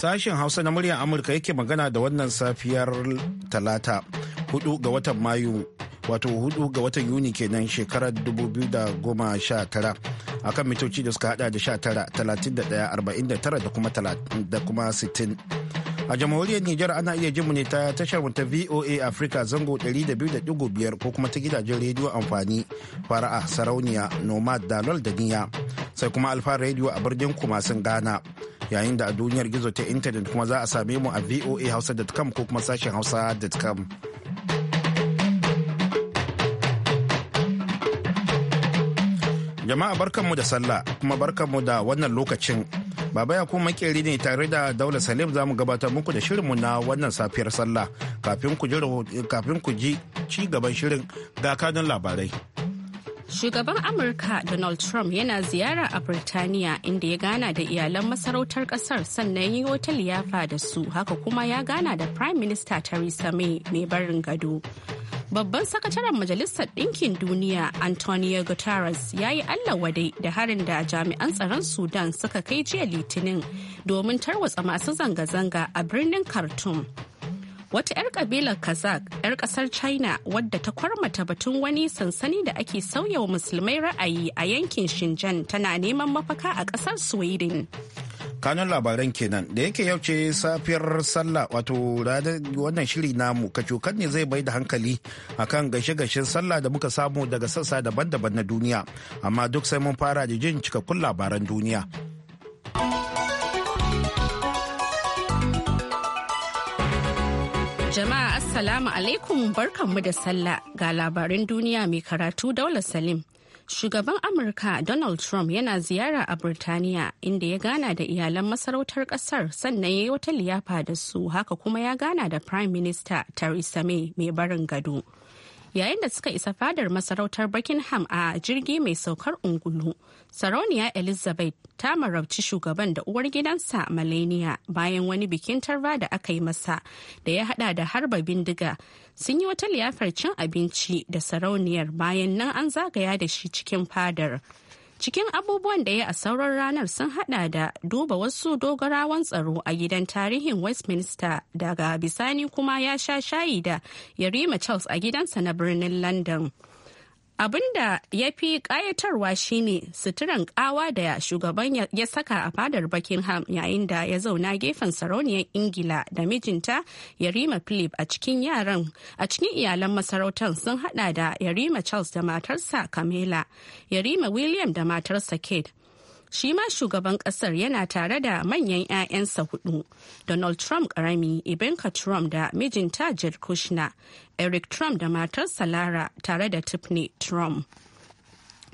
Sashen Hausa na muryar Amurka yake magana da wannan safiyar Talata, hudu ga watan Mayu, wato hudu ga watan Yuni kenan shekarar 2019 akan mitoci da suka hada da 19, 31, 49 da kuma 60. a jamhuriyar Nijar ana iya jin mu ne ta tashar ta VOA Africa zango 200.5 ko kuma ta gidajen rediyo amfani fara'a sarauniya nomad dalol da niya sai kuma alfa rediyo a birnin kumasin Ghana yayin da a duniyar gizo ta intanet kuma za a same mu a voa hausa.com ko kuma sashen hausa.com jama'a barkanmu da sallah kuma barkanmu da wannan lokacin baba ya kuma makeri ne tare da daula salim za mu gabatar muku da shirinmu na wannan safiyar sallah kafin ku ji ci gaban shirin ga kanun labarai Shugaban Amurka Donald Trump yana ziyara a Birtaniya inda ya gana da iyalan masarautar kasar sannan yi wata liyafa da su haka kuma ya gana da Prime Minister Theresa May mai barin gado. Babban sakataren Majalisar Ɗinkin Duniya Antonio Guterres ya yi Allah wadai da harin da jami'an tsaron Sudan suka kai jiya Litinin domin tarwatsa masu zanga-zanga a birnin Khartoum. wata 'yar kabilar kazakh 'yar kasar china wadda ta kwarmata batun wani sansani da ake sauya wa musulmai ra'ayi a yankin shinjan tana neman mafaka a kasar sweden kanun labaran kenan da yake yau ce safiyar sallah wato wannan shiri namu kacokan ne zai bai da hankali akan gashe-gashen sallah da muka samu daga sassa daban-daban na duniya amma duk sai mun fara da jin cikakkun labaran duniya Jama'a Assalamu alaikum barkanmu da sallah ga labarin duniya mai karatu daular Salim. Shugaban Amurka Donald Trump yana ziyara a birtaniya inda ya gana da iyalan masarautar kasar sannan ya yi wata liyafa da su haka kuma ya gana da Prime Minister Theresa May mai barin gado. yayin da suka isa fadar masarautar buckingham a jirgi mai saukar ungulu sarauniya elizabeth ta marabci shugaban da uwar gidansa malenia bayan wani bikin tarba da aka yi masa da ya hada da harba bindiga sun yi wata liyafar cin abinci da sarauniyar bayan nan an zagaya da shi cikin fadar cikin abubuwan da ya a sauran ranar sun hada da duba wasu dogarawan tsaro a gidan tarihin westminster daga bisani kuma ya sha shayi da yarima charles a gidansa na birnin london abin da ya fi kayatarwa shine suturan kawa da shugaban ya saka a fadar buckingham yayin da ya zauna gefen sarauniyar ingila da mijinta yarima philip a cikin yaran a cikin iyalan masarautar sun hada da yarima charles da matarsa camilla yarima william da matarsa kate shi ma shugaban kasar yana tare da manyan 'ya'yansa hudu donald trump karami ivanka trump da mijinta jared kushner eric trump da matarsa lara tare da tiffany trump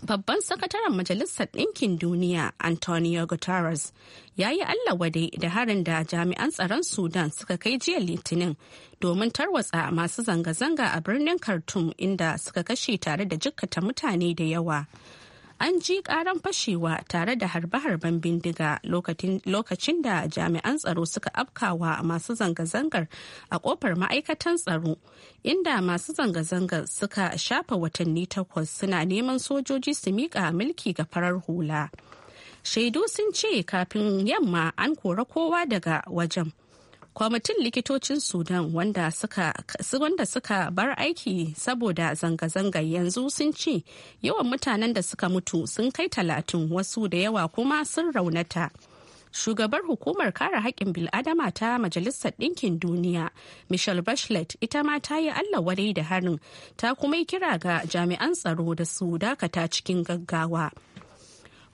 babban sakataren majalisar ɗinkin duniya antonio guterres ya yi wade da harin da jami'an tsaron sudan suka kai jiya litinin domin tarwatsa masu zanga-zanga a birnin khartoum inda suka kashe tare da jikkata mutane da yawa an ji karan fashewa tare da harbe-harben bindiga lokacin da jami'an tsaro suka afkawa masu zanga-zangar a kofar ma'aikatan tsaro inda masu zanga-zangar suka shafa watanni takwas suna neman sojoji su miƙa mulki ga farar hula shaidu sun ce kafin yamma an kora kowa daga wajen kwamitin likitocin sudan wanda suka, wanda suka bar aiki saboda zanga zanga yanzu sun ce yawan mutanen da suka mutu sun kai talatin wasu da yawa kuma sun raunata shugabar hukumar kare haƙƙin bil'adama ta majalisar ɗinkin duniya michelle bachelet ita ma ta yi allah wadai da harin ta kuma yi kira ga jami'an tsaro da su dakata cikin gaggawa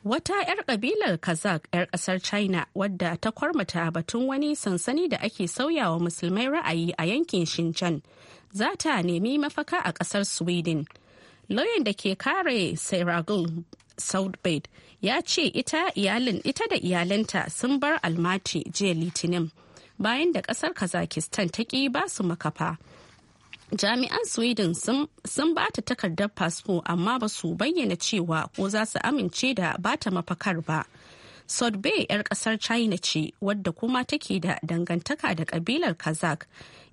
Wata 'yar ƙabilar Kazakh 'yar ƙasar China wadda ta kwarmata batun wani sansani da ake sauyawa musulmai ra'ayi a yankin Shinchan za ta nemi mafaka a ƙasar Sweden. Lauyan da ke kare Seragul Southbait ya ce ita iyalin ita da iyalanta sun bar almati jiya litinin bayan da ƙasar kazakistan ta ki su makafa. jami'an sweden sun ba ta takardar fasfo amma ba su bayyana cewa ko za su amince da ba ta mafakar ba sudbay 'yar kasar china ce wadda kuma take da dangantaka da kabilar kazakh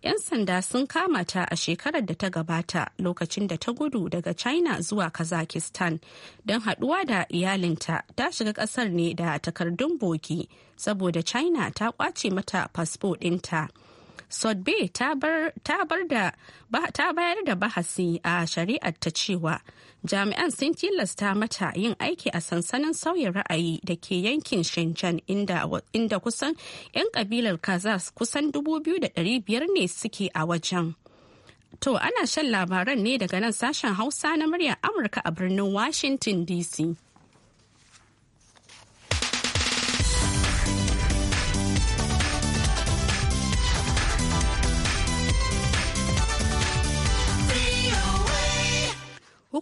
'yan sanda sun kama ta a shekarar da ta gabata lokacin da ta gudu daga china zuwa kazakistan don haduwa da iyalinta ta shiga kasar ne da takardun bogi saboda china ta kwace mata fasfo ɗinta. sodbe ta bayar da bahasi a shari'ar ta cewa jami'an sun tilasta mata yin aiki a sansanin sauya ra'ayi da ke yankin shinjan inda kusan 'yan kabilar kazas kusan 2,500 ne suke a wajen to ana shan labaran ne daga nan sashen hausa na muryar amurka a birnin washington dc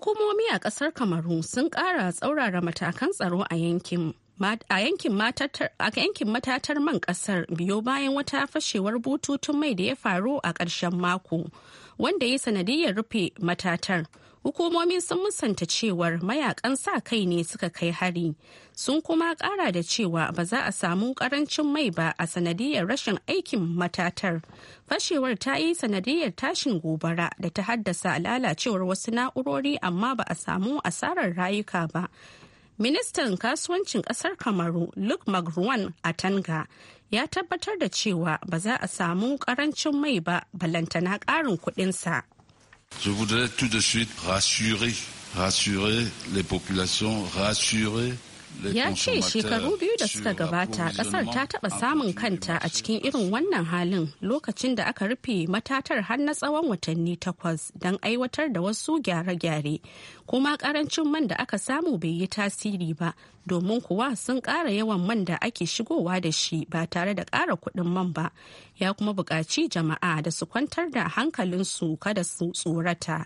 Hukumomi a ƙasar Kamaru sun ƙara tsaurara matakan tsaro a yankin. a yankin matatar man kasar biyo bayan wata fashewar bututun mai da ya faru a ƙarshen mako wanda ya sanadiyar rufe matatar hukumomi sun musanta cewar mayakan sa kai ne suka kai hari sun kuma kara da cewa ba za a samu karancin mai ba a sanadiyar rashin aikin matatar fashewar ta yi sanadiyar tashin gobara da ta haddasa lalacewar wasu na'urori amma ba a samu asarar rayuka ba ministan kasuwancin kasar kamaru luke magruwan a tanga ya tabbatar da cewa ba za a samu karancin mai ba balantana karin kudinsa. sa Je voudrais tout de suite rassurer, rassurer les populations, rassurer ya ce shekaru biyu da suka gabata kasar ta taba samun kanta a cikin irin wannan halin lokacin da aka rufe matatar har na tsawon watanni takwas don aiwatar da wasu gyare-gyare kuma karancin man da aka samu bai yi tasiri ba domin kuwa sun ƙara yawan man da ake shigowa da shi ba tare da ƙara kuɗin man ba ya kuma buƙaci jama'a da su kwantar da hankalinsu kada su tsorata.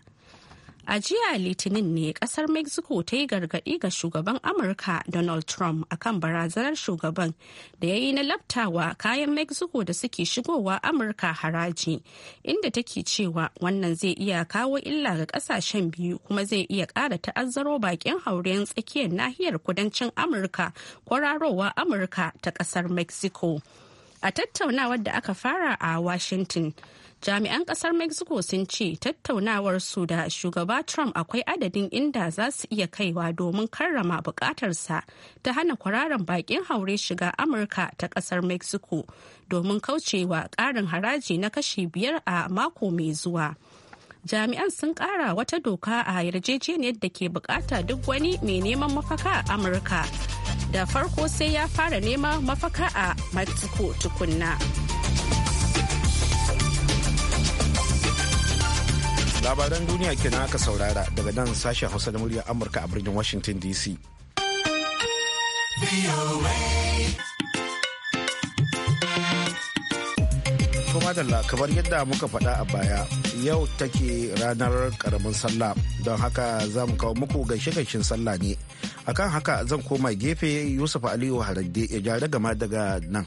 A jiya Litinin ne kasar Mexico ta yi gargaɗi ga shugaban Amurka Donald Trump akan barazanar shugaban da ya yi na labtawa kayan Mexico da suke shigowa Amurka haraji, inda take cewa wannan zai iya kawo illa ga ƙasashen biyu kuma zai iya ƙara ta'azzaro bakin hauren tsakiyar nahiyar kudancin Amurka kwararowa Amurka ta ƙasar Mexico. A tattaunawar da aka fara a Washington. jami'an kasar mexico sun ce tattaunawar su da shugaba trump akwai adadin inda za su iya kaiwa domin karrama bukatarsa ta hana kwararan bakin haure shiga amurka ta kasar mexico domin kaucewa karin haraji na kashi biyar a mako mai zuwa jami'an sun kara wata doka a yarjejeniyar da ke bukata duk wani mai neman mafaka a amurka da farko sai ya fara neman mafaka a mexico tukunna. labaran duniya kenan aka saurara daga nan sashen hausa da murya amurka a birnin washington dc kuma da kamar yadda muka faɗa a baya yau take ranar karamin sallah don haka za mu kawo muku gaishe-gaishen sallah ne akan haka zan koma gefe yusuf aliyu harande ya ja gama daga nan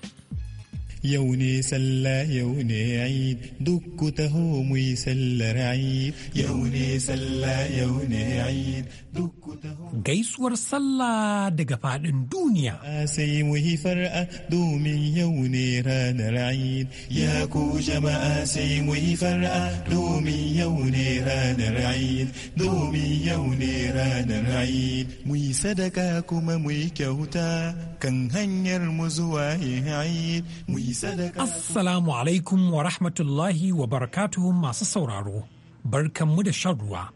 yau ne sallah yau ne aid duk ku taho mu yi sallar aid yau ne sallah yau ne aid duk ku taho gaisuwar sallah daga fadin duniya sai mu yi far'a domin yau ne ranar aid ya ku jama'a sai mu yi far'a domin yau ne ranar aid domin yau ne ranar aid mu yi sadaka kuma mu yi kyauta kan hanyar mu zuwa aid mu yi Assalamu alaikum wa rahmatullahi wa barakatuhu masu sauraro, barkanmu da shan ruwa,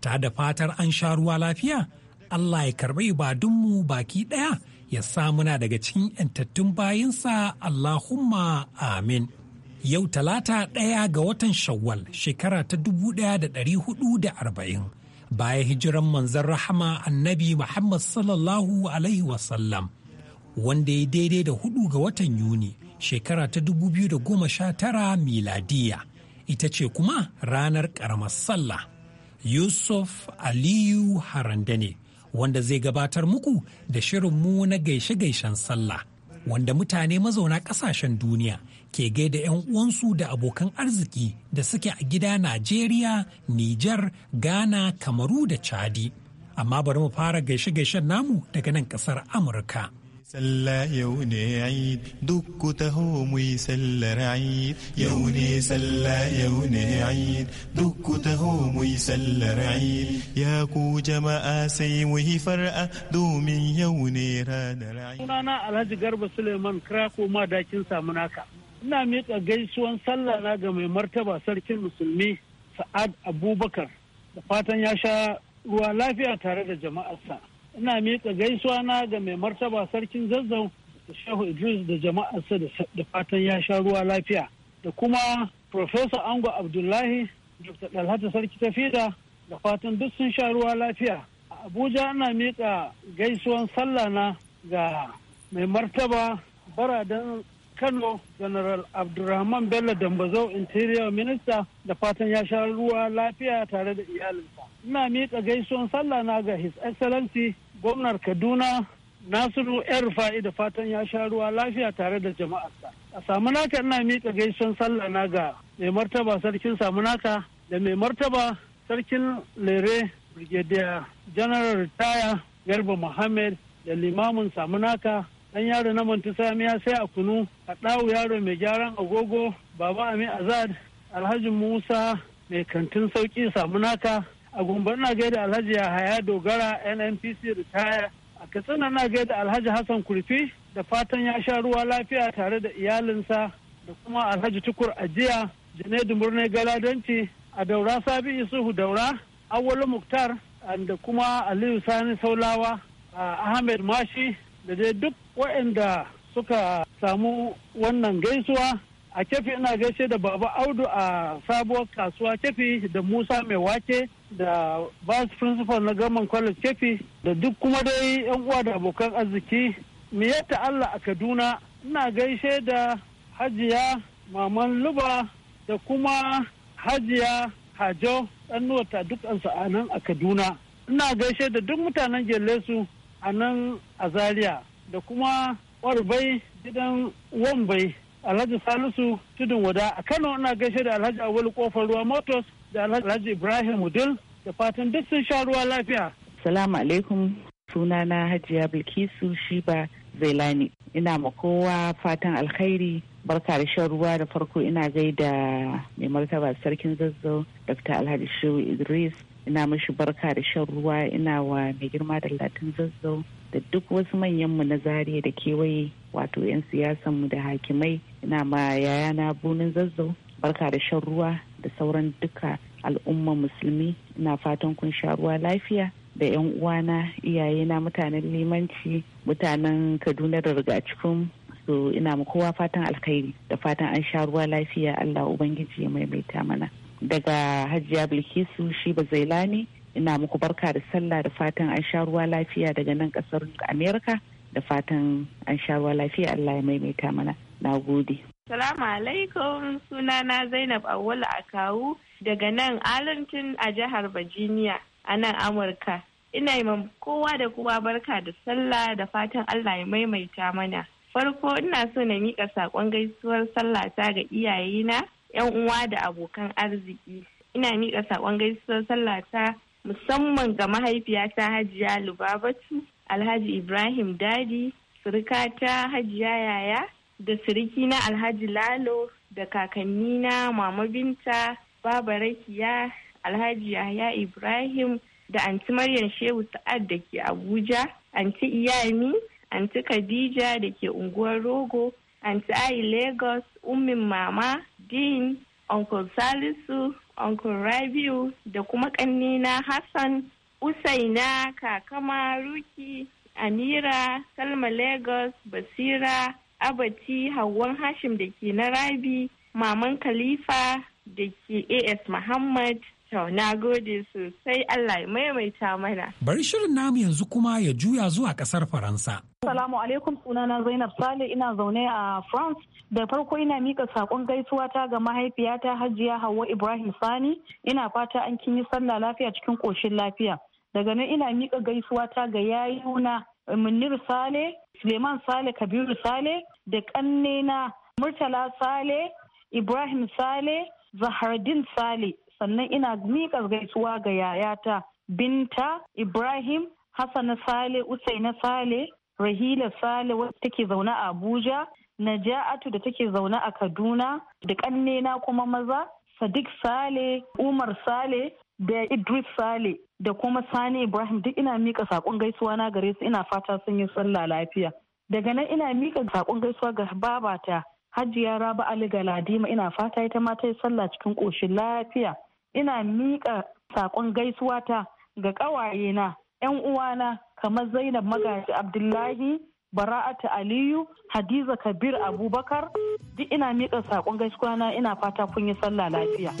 ta da fatar an sha ruwa lafiya, Allah ya karɓi ibadunmu baki ɗaya ya samuna daga cikin ‘yantattun bayinsa Allahumma amin. Yau talata ɗaya ga watan Shawwal shekara ta dubu ɗaya da ɗari da arba'in, bayan hijiran manzon rahama annabi Muhammad sallallahu Alaihi wasallam. wanda ya daidai da hudu ga watan Yuni shekara ta 2019 miladiya ita ce kuma ranar karamar sallah yusuf aliyu haranda ne wanda zai gabatar muku da shirin mu na gaishe-gaishen sallah wanda mutane mazauna ƙasashen duniya ke gaida 'yan uwansu da abokan arziki da suke a gida Najeriya, Nijar, Ghana, Kamaru da Chadi. Amma bari mu fara gaishe-gaishen namu daga nan ƙasar Amurka. sallah yau ne Eid duk ku taho mu yi sallar Eid yau ne sallah yau ne Eid duk ku taho mu yi sallar ya ku jama'a sai mu yi far'a domin yau ne ranar Eid sunana Alhaji Garba Suleiman Krako madakin Samunaka ina miƙa gaisuwan sallah na ga mai martaba sarkin musulmi Sa'ad Abubakar da fatan ya sha ruwa lafiya tare da jama'arsa ina miƙa gaisuwa na ga mai martaba sarkin zazzau da shehu idris da jama'arsa da fatan ya sha ruwa lafiya da kuma professor ango abdullahi dr dalhata sarki tafida da fatan duk sun sha ruwa lafiya a abuja ana miƙa gaisuwan sallah na ga mai martaba baradan kano general abdulrahman bello dambazo interior minister da fatan ya sha ruwa lafiya tare da iyalinsa. ina miƙa gaisuwan sallah na ga his excellency gwamnar kaduna nasiru yan rufa'i da fatan ya sha ruwa lafiya tare da jama'arsa a samu naka ina miƙa gaisuwan sallah na ga mai martaba sarkin samu naka da mai martaba sarkin lere brigadier general retire garba muhammad da limamin samu naka. dan yaro na samiya sai a kunu a ɗawu yaro mai gyaran agogo baba amin azad alhaji musa mai kantin sauki samu naka. a gumbar na gaida alhaji yahaya dogara nnpc ritaya a katsina na gaida alhaji hassan kurfi da fatan ya sha ruwa lafiya tare da iyalinsa da kuma alhaji tukur ajiya janaidu murne galadanci a daura sabi isuhu daura awwalu muktar da kuma aliyu sani saulawa a ahmed mashi da dai duk waɗanda suka samu wannan gaisuwa a kefi ina gaishe da baba audu a sabuwar kasuwa kefi da musa mai wake da vice principal na gaman college kefi da duk kuma dai yan uwa da abokan arziki miyatta allah a kaduna ina gaishe da hajiya maman luba da kuma hajiya hajo duk dukansu a nan a kaduna ina gaishe da duk mutanen gelesu a nan a zaria da kuma warbai gidan wambai Alhaji Salisu Tudun Wada a Kano ana gaishe da Alhaji awali Kofar Ruwa Motors da Alhaji Ibrahim Udil da fatan duk sun sha ruwa lafiya. Salamu alaikum sunana Hajiya Bilkisu Shiba Zailani. Ina ma kowa fatan alkhairi barka da shan ruwa da farko ina gaida mai martaba sarkin zazzau Dr. Alhaji Shehu Idris ina mashi barka da shan ruwa ina wa mai girma da latin zazzau da duk wasu manyanmu na zariya da kewaye wato 'yan mu da hakimai na ma yayana bunin zazzau barka da shan ruwa da sauran duka al'umma musulmi na fatan kun sha ruwa lafiya da 'yan uwana iyayena mutanen limanci mutanen kaduna da riga rigacikun su ina ma kowa fatan alkhairi da fatan an sha ruwa lafiya allah ubangiji ya maimaita mana daga hajiya bilkisu shi ba zailani ina muku barka da sallah da fatan an sha ruwa lafiya daga nan kasar amerika da fatan an sha ruwa lafiya Allah ya maimaita mana na gode. Salamu alaikum sunana Zainab Awul Akawu daga nan Arlington a jihar Virginia a nan Amurka. Ina yi kowa da kowa barka da sallah da fatan Allah ya maimaita mana. Farko ina so na miƙa saƙon gaisuwar sallah ta ga iyayena, 'yan uwa da abokan arziki. Ina miƙa saƙon gaisuwar sallah ta musamman ga mahaifiyata Hajiya Lubabatu alhaji ibrahim dadi surikata hajiya yaya da siriki na alhaji lalo da kakannina mama binta baba rakiya alhaji yahya ibrahim da anti maryam shehu sa'ad da ke abuja anti iyami anti khadija da ke unguwar rogo anti ayi lagos ummin mama dean uncle salisu uncle rabiu da kuma kannina hassan usaina kakama ruki amira salma lagos basira abati hawan hashim da ke na rabi maman khalifa da ke as muhammad To, na gode sosai Allah ya maimaita mana. Bari shirin namu yanzu kuma ya juya zuwa ƙasar Faransa, Assalamu alaikum sunana Zainab Sale ina zaune a France da farko ina mika sakon gaisuwa ta ga mahaifiyata Hajiya Hauwa Ibrahim Sani ina fata an kin yi sallah lafiya cikin koshin lafiya daga nan ina mika gaisuwa ta ga yayuna eh, Munir Sale Suleiman Sale Kabiru Sale da kannena Murtala Sale Ibrahim Sale Zahardin Sale sannan ina mika gaisuwa ga yayata Binta Ibrahim hassan Sale Usaina Sale rahila sale wadda take zaune a abuja naja'atu da take zaune a kaduna da ƙannena kuma maza sadiq sale umar sale da idris sale da kuma sani ibrahim duk ina mika saƙon gaisuwa na gare su ina fata sun yi sallah lafiya daga nan ina mika saƙon gaisuwa ga babata hajiya raba ali ga Ladima ina fata ita ma ta yi sallah cikin ƙoshin lafiya ina mika saƙon gaisuwa ta ga ƙawayena 'yan uwana kamar zainab magaji abdullahi bara'atu aliyu hadiza kabir abubakar duk ina miƙa saƙon gaisuwa na ina fata kun yi sallah lafiya.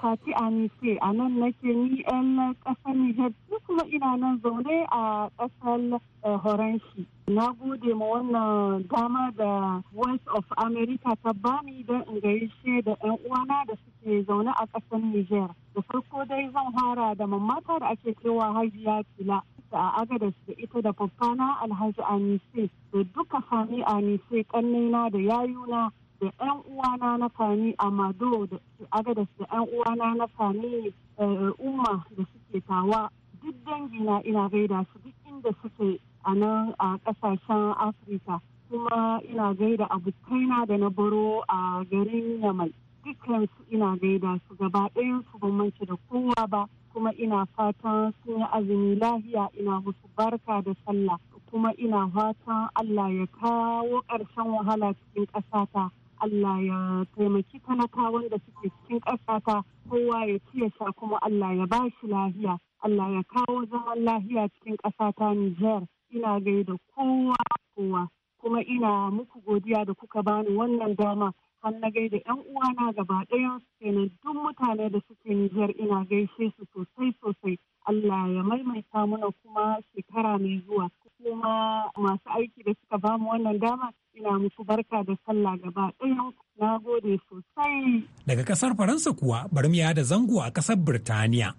fati anise a nan nake ni yan ƙasar Nijar kuma ina nan zaune eh, a ƙasar Horanshi. Na gode ma wannan dama da Voice of America ta bani don in gaishe da 'yan uwana da suke zaune a ƙasar Nijar. Da farko dai zan fara da mamata da ake cewa Hajiya Tila. a agadas da ita da babbana alhaji anise da duka fami anise kannina da yayuna da 'yan uwana na fani amado da aga da 'yan uwana na fani eh, umma da suke tawa duk dangi na ina gaida su duk inda suke a nan a kasashen afirka kuma ina gaida abokaina da na baro a garin yamai dukansu ina gaida su gaba ɗayan su ban da kowa ba kuma ina fatan sun yi azumi lahiya ina musu barka da sallah kuma ina fatan Allah ya kawo ƙarshen wahala cikin ƙasata Allah ya taimaki talakawan da suke cikin ƙasata kowa ya ci ya kuma Allah ya ba shi lahiya Allah ya kawo zaman lahiya cikin ƙasata Nijar ina gaida kowa kowa kuma ina muku godiya da kuka bani wannan dama har na gaida yan uwana gaba ɗaya kenan duk mutane da suke Nijar ina gaishe su sosai sosai Allah ya maimaita mana kuma shekara mai zuwa kuma masu aiki da suka bamu wannan dama ina musu barka da sallah gaba ɗaya na gode sosai. Daga kasar Faransa kuwa bari da zango a kasar Birtaniya.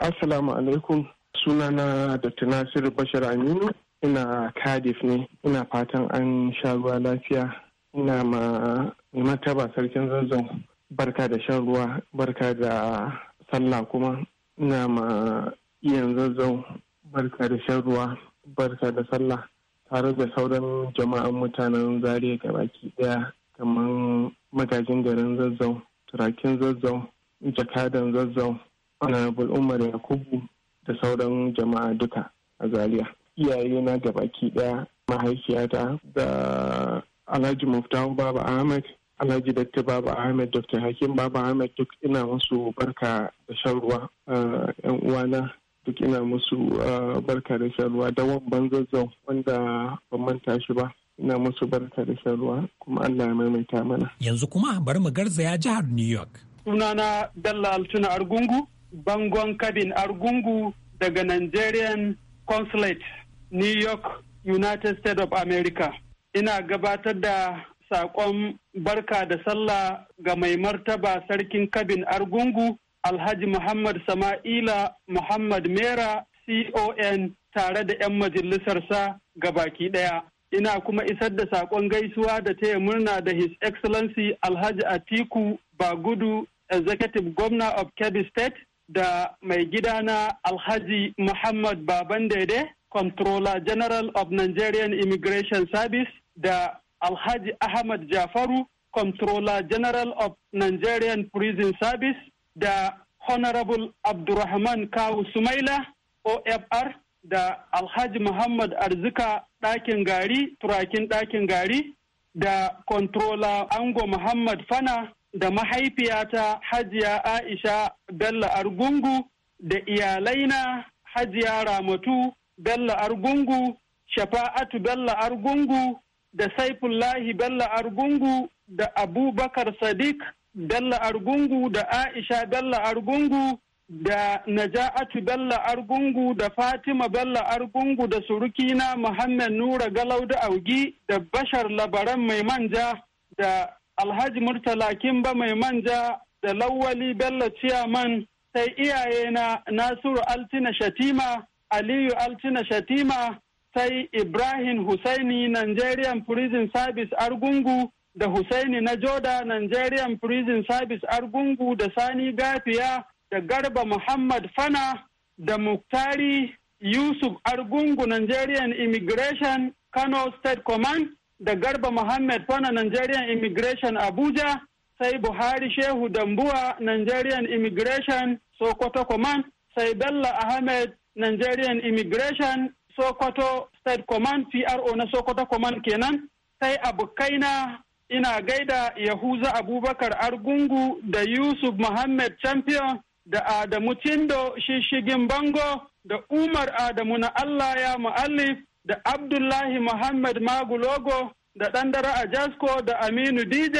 Assalamu alaikum sunana da Tunasiru Bashir Aminu ina Cardiff ne ina fatan an sha ruwa lafiya ina ma mataba sarkin zanzan barka da shan ruwa barka da sallah kuma ina ma iyan zanzan barka da shan ruwa barka da sallah tare da sauran jama'an mutanen zaria gabaki daya kamar magajin garin zazzau turakin zazzau jakadan zazzau honorable umar yakubu da sauran jama'a duka a Zariya. iyaye na baki daya mahaifiyata da alhaji muftawan baba ahmed alhaji dakta baba ahmed dr hakim baba ahmed duk ina musu barka da shan ruwa yan eh, uwana duk ina musu ah, barka da sharuwa da wabban zazzau wanda ban manta shi ba ina musu barka da sharuwa kuma Allah ya maimaita mana. Yanzu kuma bari mu garzaya jihar New York. Sunana Dalla Altuna Argungu, bangon kabin Argungu daga Nigerian Consulate, New York, United States of America. Ina gabatar da saƙon barka da sallah ga mai martaba sarkin kabin Argungu Alhaji Muhammad Sama'ila Muhammad Mera CON tare da 'yan majalisarsa baki ɗaya. Ina kuma isar da saƙon gaisuwa da taya murna da His Excellency Alhaji Atiku Bagudu, Executive Governor of Kebbi State da mai gidana Alhaji Muhammad Baban Dede, Comptroller General of Nigerian Immigration Service da Alhaji Ahmad Jafaru, Comptroller General of Nigerian Prison Service da honorable abdurrahman kawu sumaila ofr da alhaji muhammad arzika ɗakin gari turakin ɗakin gari da controller ango muhammad fana da mahaifiyata hajiya aisha bello argungu da iyalaina hajiya ramatu bello argungu shafa'atu bello argungu da saifullahi bello argungu da abubakar sadiq Dalla Argungu da Aisha Bello Argungu da Naja'atu Bello Argungu da Fatima Bello Argungu da surukina Muhammad Nura Galau Augi da Bashar Labaran Mai Manja da Alhaji Murtala Kimba Mai Manja da Lawali Bello Ciyaman sai iyaye na Nasiru Altina Shatima, Aliyu Altina Shatima, sai Ibrahim Hussaini Nigerian Prison Service Argungu da Husaini na Joda Nigerian Prison Service Argungu da Sani Gafiya da Garba Muhammad Fana da Muktari Yusuf Argungu Nigerian Immigration Kano State Command da Garba Muhammad Fana Nigerian Immigration Abuja sai Buhari Shehu Dambuwa Nigerian Immigration Sokoto Command sai Bello Ahmed Nigerian Immigration Sokoto State Command PRO na Sokoto Command kenan sai Kaina ina gaida Yahuza Abubakar Argungu da Yusuf Muhammad Champion da Adamu Tindo Shishigin Bango da Umar Adamu na Allah ya mu'allif da Abdullahi Muhammad Magulogo da Dandara Ajasko da Aminu DJ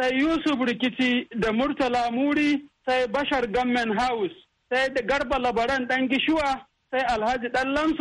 sai Yusuf Rikici da Murtala Muri sai Bashar Gammen House sai Garba Labaran Ɗan Gishuwa sai Alhaji Ɗan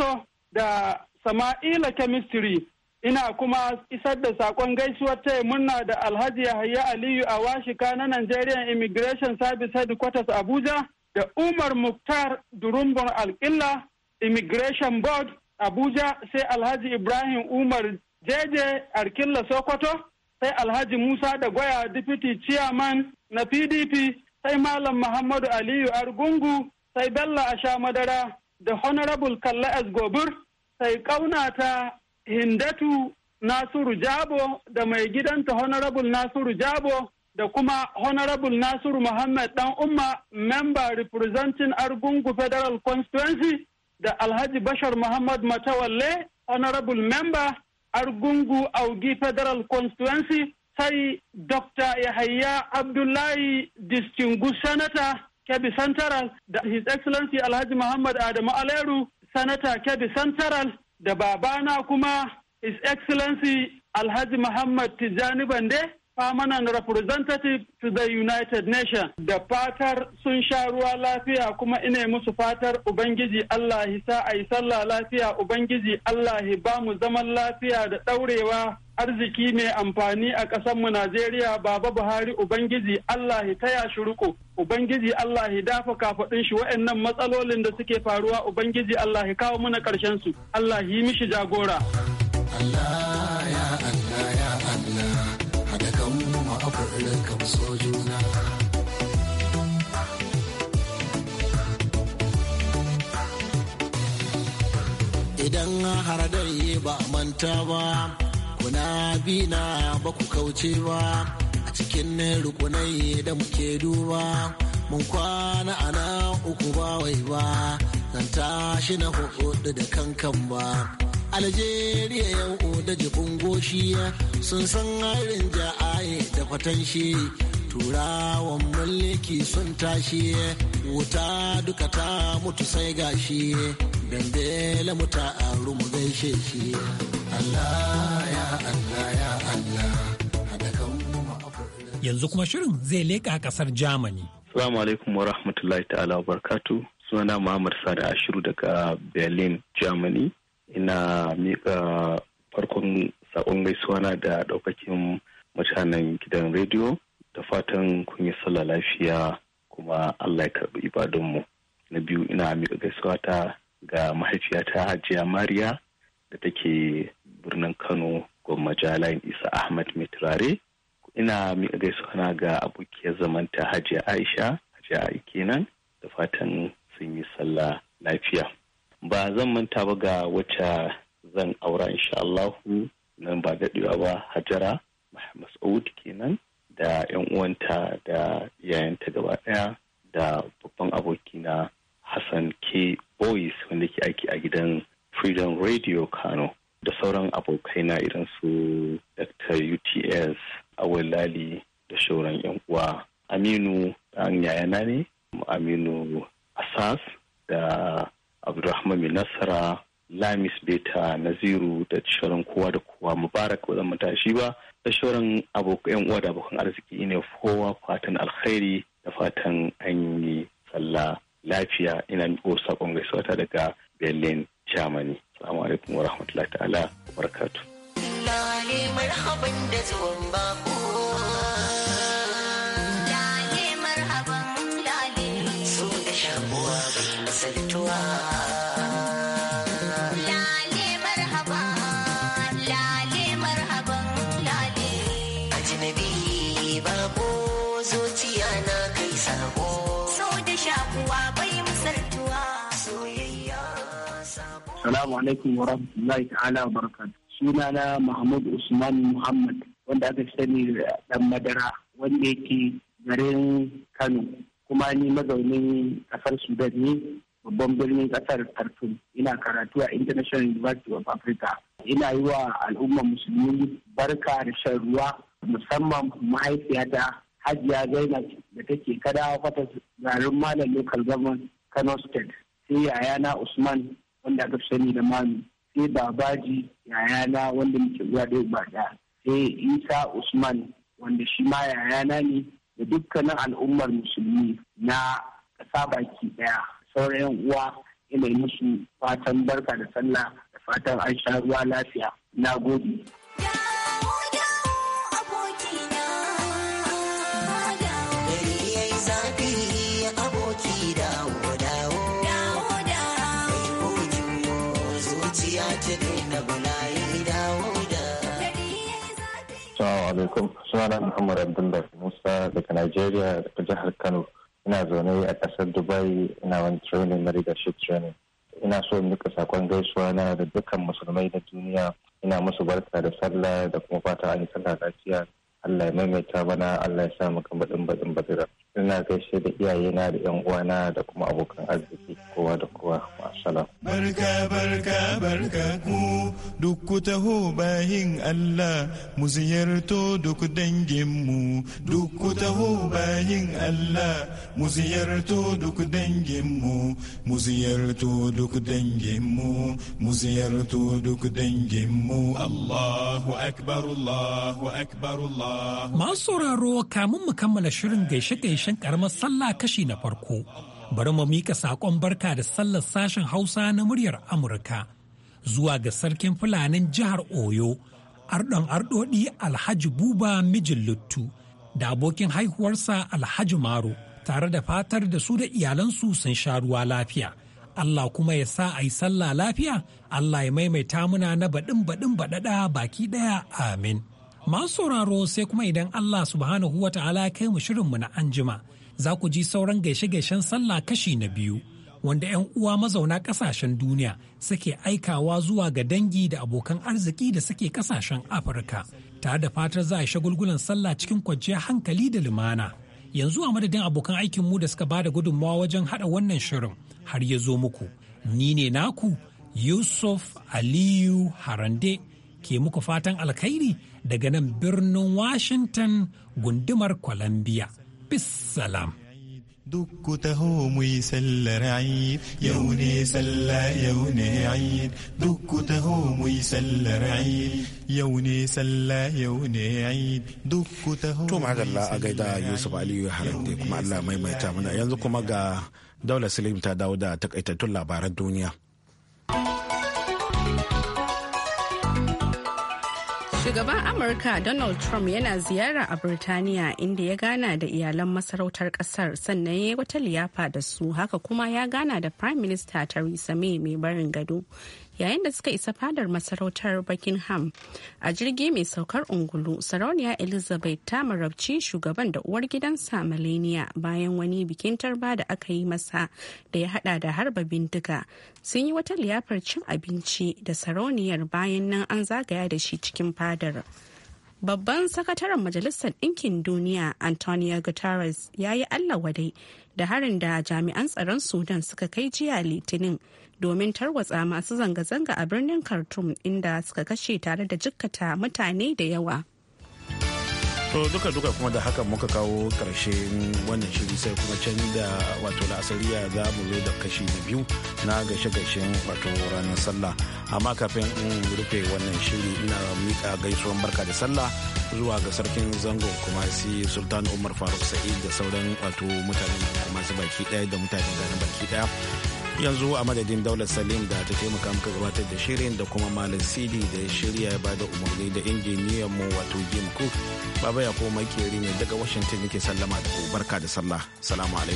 da Sama'ila Chemistry ina kuma isar da sakon gaisuwar taya murna da alhaji yahaya aliyu a washika na nigerian immigration service headquarters abuja da umar muktar durumbar alkilla immigration board abuja sai alhaji ibrahim umar jeje alkilla sokoto sai alhaji musa da gwaya deputy chairman na pdp sai malam muhammadu aliyu argungu sai bello asha madara da honorable kalla gobir sai ƙaunata Hindatu Nasiru Jabo da mai gidanta Honorable Nasiru Jabo da kuma Honorable Nasiru Muhammad Dan Umma member representing Argungu Federal Constituency da Alhaji Bashar Muhammad Matawalle Honorable member Argungu Augi Federal Constituency sai Dr. Yahaya Abdullahi Distinguished Senator Kebbi Central da His Excellency Alhaji Muhammad Adamu Aleru Senator Kebbi Central da babana kuma His Excellency Alhaji Muhammad Tijjani Bande, permanent representative to the United Nations. Da fatar sun sha ruwa lafiya kuma ina musu fatar Ubangiji Allah sa a yi sallah lafiya Ubangiji Allah ba mu zaman lafiya da ɗaurewa arziki mai amfani a ƙasanmu Najeriya baba Buhari Ubangiji Allah ya taya shi riko Ubangiji Allah ya dafa kafaɗin shi wa'annan matsalolin da suke faruwa Ubangiji Allah ya kawo mana ƙarshen su Allah yi mishi jagora Allah ya Allah ya Allah haɗa kan mu mu sojuna. Idan har dai ba manta ba kuna bina ba ku kauce ba a cikin rukunai da muke duba mun kwana ana uku ba wai ba zan tashi na hudu da kankan ba Algeria yau da jibin goshi sun san harin ja'aye da fatan shi turawan mulki sun tashi wuta duka ta mutu sai gashi dambela mu ta aru mu gaishe shi Allah Yanzu kuma shirin zai leƙa ƙasar Germany. Assalamu alaikum wa rahmatullahi ta'ala wa barkatu. Suna Muhammad Sani Ashiru daga Berlin, Germany. Ina miƙa farkon saƙon gaisuwa da ɗaukakin mutanen gidan rediyo da fatan kun yi sallah lafiya kuma Allah ya karɓi ibadunmu. Na biyu ina miƙa gaisuwa ta ga mahaifiyata Hajiya Mariya da take birnin Kano gwamma jalan isa ahmad mai turare ina miƙa gaisuwa ga abokiyar zamanta hajiya aisha hajiya kenan da fatan sun yi sallah lafiya ba zan manta ba ga wacce zan aura insha Allahu nan ba daɗewa ba hajara mas'ud kenan da yan uwanta da yayanta gaba ɗaya da babban abokina hassan k boys wanda ke aiki a gidan freedom radio kano da sauran abokai na irin su Dr. UTS, Awalali da shauran 'yan uwa. Aminu an yayana ne, Aminu Asas da Abdulrahman Nasara, Lamis Beta Naziru da shauran kowa da kowa Mubarak ba zan tashi ba da shauran abokan uwa da abokan arziki ne kowa fatan alkhairi da fatan an yi sallah lafiya ina miƙo saƙon gaisuwa daga Berlin, Germany. Assalamu alaikum wa rahmatullahi ta'ala wa barakatuh. Assalamu alaikum wa rahmatullahi ta'ala wa barakatuh. Sunana mahmud Usman Muhammad wanda aka sani da dan madara wanda yake garin Kano kuma ni mazaunin kasar Sudan ne babban birnin kasar Khartoum ina karatu a International University of Africa ina yi wa al'ummar musulmi barka da shan ruwa musamman mahaifiyata Hajiya Zainab da take kada fata garin Malam Local Government Kano State sai yayana Usman wanda aka sani da mami sai babaji yayana wanda muke zuwa da ba ɗaya sai isa usman wanda shi ma yayana ne da dukkanin al'ummar musulmi na ƙasa baki ɗaya sauran uwa ina musu fatan barka da sallah da fatan an sha ruwa lafiya na gobe. Assalamu alaikum. Sunana Muhammad Abdullahi Musa daga Najeriya daga jihar Kano. Ina zaune a ƙasar Dubai ina wani training na leadership training. Ina so in duka sakon gaisuwa na da dukkan musulmai na duniya. Ina musu barka da sallah da kuma fata an yi sallah lafiya. Allah ya maimaita bana Allah ya sa mu kan baɗin baɗin ina gaishe da iyaye na da yan uwana da kuma abokan arziki kowa da kowa ma'asala. Barka barka barka ku duk ku taho bayin Allah mu ziyarto duk dangin mu duk ku taho bayin Allah mu ziyarto duk dangin mu mu ziyarto duk dangin mu mu ziyarto duk dangin mu Allahu akbar Allahu akbar Allah. Masu sauraro kamun mu kammala shirin gaishe gaishe ƙarshen ƙaramar sallah kashi na farko. Bari mu mika saƙon barka da sallar sashen Hausa na muryar Amurka zuwa ga sarkin Fulanin jihar Oyo, Ardon Arɗoɗi Alhaji Buba Mijin Luttu da abokin haihuwarsa Alhaji Maro tare da fatar da su da iyalansu sun sha ruwa lafiya. Allah kuma ya sa a yi sallah lafiya, Allah ya maimaita muna na baɗin baɗin baɗaɗa baki ɗaya amin. Masu sauraro sai kuma idan Allah subhanahu wa ta'ala ya kai mu shirinmu na anjima za ku ji sauran gaishe-gaishen sallah kashi na biyu wanda 'yan uwa mazauna kasashen duniya suke aikawa zuwa ga dangi da abokan arziki da suke kasashen Afirka tare da fatar za a shagulgulan sallah cikin kwanciyar hankali da lumana. Yanzu a madadin abokan aikinmu da suka ba da gudunmawa wajen haɗa wannan shirin har ya zo muku. Ni ne naku Yusuf Aliyu Harande ke muku fatan alkhairi daga nan birnin Washington gundumar Columbia. Bissalam. Duk taho mu yi sallar Eid, yau ne sallah yau ne Eid, duk taho mu yi sallar Eid, yau ne sallah yau ne Eid, duk taho. To madalla a gaida Yusuf Aliyu Harande kuma Allah maimaita mana yanzu kuma ga Daula Salim ta dawo da takaitattun labaran duniya. Shugaban Amurka Donald Trump yana ziyara a Birtaniya inda ya gana da iyalan masarautar kasar sannan ya yi wata liyafa da su haka kuma ya gana da Prime Minister Theresa May mai barin gado yayin da suka isa fadar masarautar buckingham a jirgi mai saukar ungulu sarauniya elizabeth ta marabci shugaban da uwar gidansa millennia bayan wani bikin tarba da aka yi masa da ya hada da harba bindiga sun yi wata liyafar cin abinci da sarauniyar bayan nan an zagaya da shi cikin fadar. babban sakataren majalisar ɗinkin duniya antonio guterres ya yi allah wadai da harin da jami'an tsaron sudan suka kai jiya litinin domin tarwatsa masu zanga-zanga a birnin khartoum inda suka kashe tare da jikkata mutane da yawa to duka duka kuma da haka muka kawo karshen wannan shiri sai kuma can da wato la'asariya za mu zo da kashi na biyu na gashe-gashen wato ranar sallah amma kafin in rufe wannan shiri ina mika gaisuwan barka da sallah zuwa ga sarkin zango kuma si sultan umar faruk sa'id da sauran wato mutanen kuma su baki daya da mutanen ganin baki daya yanzu a madadin daular salim da ta taimaka muka gabatar da shirin da kuma malam cd da ya shirya ya bada umarni da injiniyan mu wato jim cook baba ya koma keri ne daga washington yake sallama da ku barka da sallah salamu alaikum